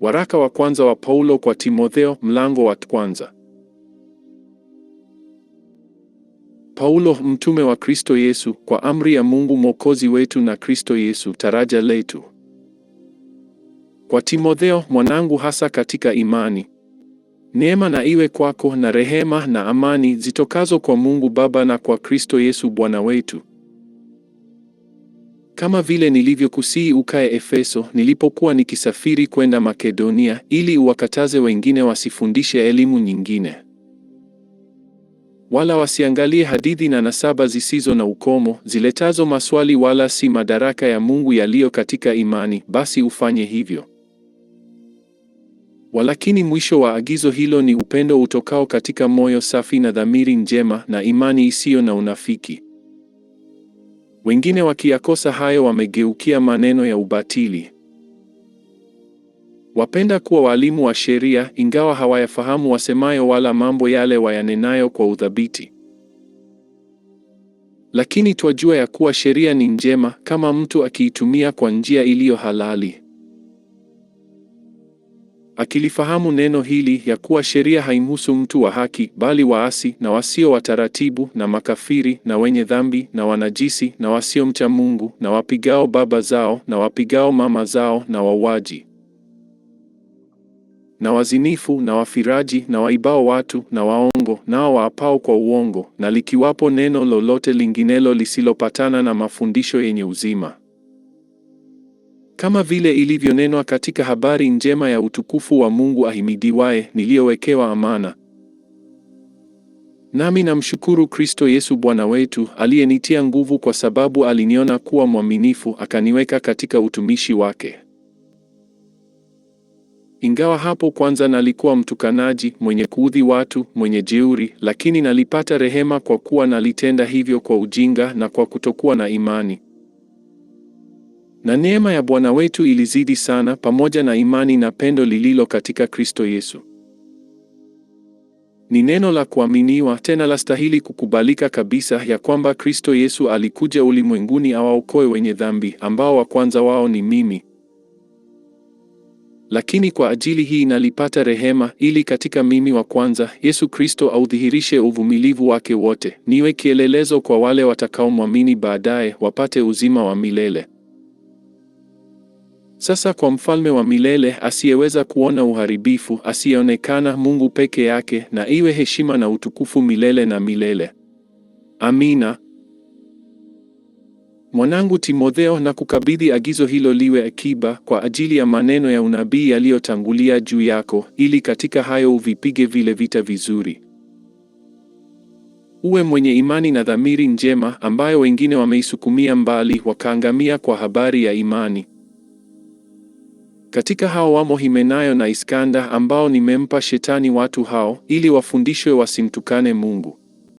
Waraka wa kwanza wa Paulo kwa Timotheo mlango wa kwanza. Paulo mtume wa Kristo Yesu kwa amri ya Mungu Mwokozi wetu na Kristo Yesu taraja letu. Kwa Timotheo mwanangu hasa katika imani. Neema na iwe kwako na rehema na amani zitokazo kwa Mungu Baba na kwa Kristo Yesu Bwana wetu. Kama vile nilivyokusihi ukae Efeso nilipokuwa nikisafiri kwenda Makedonia, ili uwakataze wengine wasifundishe elimu nyingine, wala wasiangalie hadithi na nasaba zisizo na ukomo ziletazo maswali, wala si madaraka ya Mungu yaliyo katika imani, basi ufanye hivyo. Walakini mwisho wa agizo hilo ni upendo utokao katika moyo safi na dhamiri njema na imani isiyo na unafiki wengine wakiyakosa hayo wamegeukia maneno ya ubatili. Wapenda kuwa walimu wa sheria, ingawa hawayafahamu wasemayo wala mambo yale wayanenayo kwa uthabiti. Lakini twajua ya kuwa sheria ni njema, kama mtu akiitumia kwa njia iliyo halali. Akilifahamu neno hili ya kuwa sheria haimhusu mtu wa haki, bali waasi na wasio wataratibu na makafiri na wenye dhambi na wanajisi na wasiomcha Mungu na wapigao baba zao na wapigao mama zao na wauaji na wazinifu na wafiraji na waibao watu na waongo nao waapao kwa uongo, na likiwapo neno lolote linginelo lisilopatana na mafundisho yenye uzima kama vile ilivyonenwa katika habari njema ya utukufu wa Mungu ahimidiwaye, niliyowekewa amana. Nami namshukuru Kristo Yesu Bwana wetu, aliyenitia nguvu kwa sababu aliniona kuwa mwaminifu, akaniweka katika utumishi wake. Ingawa hapo kwanza nalikuwa mtukanaji, mwenye kuudhi watu, mwenye jeuri, lakini nalipata rehema kwa kuwa nalitenda hivyo kwa ujinga na kwa kutokuwa na imani. Na neema ya Bwana wetu ilizidi sana pamoja na imani na pendo lililo katika Kristo Yesu. Ni neno la kuaminiwa tena lastahili kukubalika kabisa ya kwamba Kristo Yesu alikuja ulimwenguni awaokoe wenye dhambi ambao wa kwanza wao ni mimi. Lakini kwa ajili hii nalipata rehema ili katika mimi wa kwanza Yesu Kristo audhihirishe uvumilivu wake wote, niwe kielelezo kwa wale watakaomwamini baadaye wapate uzima wa milele. Sasa kwa mfalme wa milele asiyeweza kuona uharibifu, asiyeonekana, Mungu peke yake, na iwe heshima na utukufu milele na milele. Amina. Mwanangu Timotheo, na kukabidhi agizo hilo liwe akiba kwa ajili ya maneno ya unabii yaliyotangulia juu yako, ili katika hayo uvipige vile vita vizuri. Uwe mwenye imani na dhamiri njema, ambayo wengine wameisukumia mbali wakaangamia kwa habari ya imani. Katika hao wamo Himenayo na Iskanda ambao nimempa Shetani watu hao ili wafundishwe wasimtukane Mungu.